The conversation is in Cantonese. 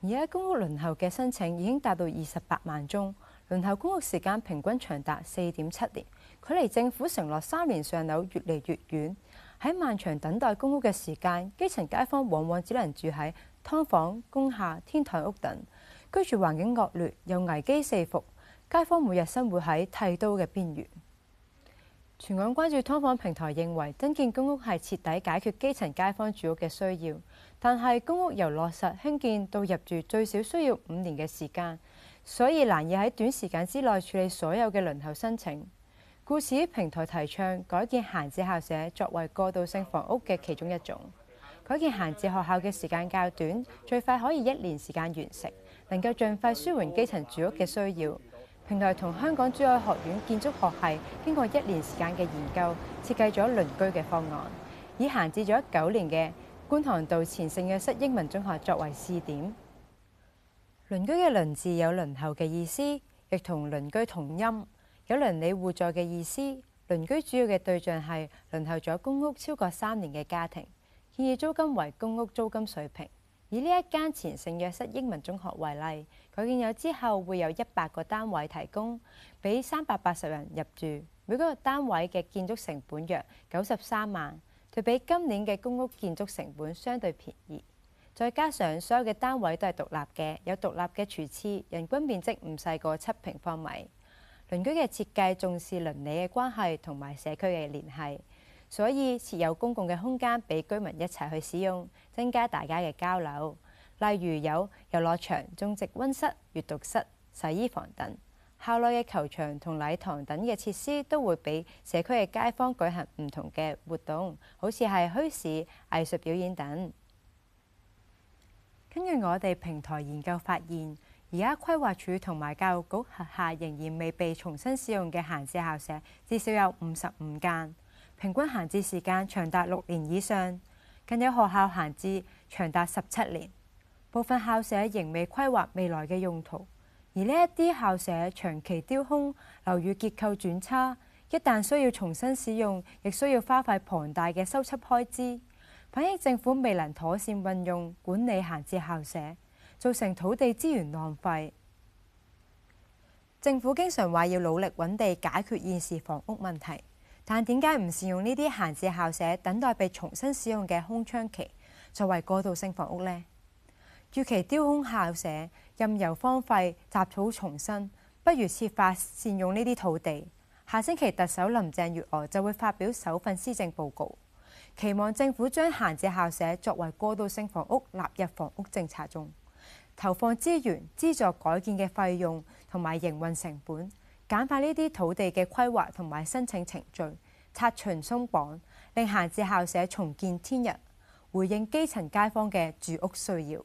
而喺公屋輪候嘅申請已經達到二十八萬宗，輪候公屋時間平均長達四點七年，距離政府承諾三年上樓越嚟越遠。喺漫長等待公屋嘅時間，基層街坊往往只能住喺㓥房、工廈、天台屋等，居住環境惡劣，又危機四伏，街坊每日生活喺剃刀嘅邊緣。全港關注劏房平台認為，增建公屋係徹底解決基層街坊住屋嘅需要，但係公屋由落實興建到入住最少需要五年嘅時間，所以難以喺短時間之內處理所有嘅輪候申請。故此，平台提倡改建閒置校舍作為過渡性房屋嘅其中一種。改建閒置學校嘅時間較短，最快可以一年時間完成，能夠盡快舒緩基層住屋嘅需要。平台同香港珠海學院建築學系經過一年時間嘅研究，設計咗鄰居嘅方案，以閒置咗九年嘅觀塘道前聖若瑟英文中學作為試點。鄰居嘅鄰字有輪候嘅意思，亦同鄰居同音，有鄰里互助嘅意思。鄰居主要嘅對象係輪候咗公屋超過三年嘅家庭，建議租金為公屋租金水平。以呢一間前聖約瑟英文中學為例，佢建有之後會有一百個單位提供，俾三百八十人入住。每個單位嘅建築成本約九十三萬，對比今年嘅公屋建築成本相對便宜。再加上所有嘅單位都係獨立嘅，有獨立嘅廚廁，人均面積唔細過七平方米。鄰居嘅設計重視鄰里嘅關係同埋社區嘅聯繫。所以設有公共嘅空間俾居民一齊去使用，增加大家嘅交流。例如有遊樂場、種植溫室、閲讀室、洗衣房等。校內嘅球場同禮堂等嘅設施都會俾社區嘅街坊舉行唔同嘅活動，好似係墟市、藝術表演等。根據我哋平台研究發現，而家規劃署同埋教育局轄下仍然未被重新使用嘅閒置校舍，至少有五十五間。平均閒置時間長達六年以上，更有學校閒置長達十七年，部分校舍仍未規劃未來嘅用途，而呢一啲校舍長期丟空，樓宇結構轉差，一旦需要重新使用，亦需要花費龐大嘅修葺開支，反映政府未能妥善運用管理閒置校舍，造成土地資源浪費。政府經常話要努力揾地解決現時房屋問題。但點解唔善用呢啲閒置校舍，等待被重新使用嘅空窗期，作為過渡性房屋呢？與其丟空校舍，任由荒廢，雜草叢生，不如設法善用呢啲土地。下星期特首林鄭月娥就會發表首份施政報告，期望政府將閒置校舍作為過渡性房屋納入房屋政策中，投放資源資助改建嘅費用同埋營運成本。簡化呢啲土地嘅規劃同埋申請程序，拆牆鬆綁，令閒置校舍重見天日，回應基層街坊嘅住屋需要。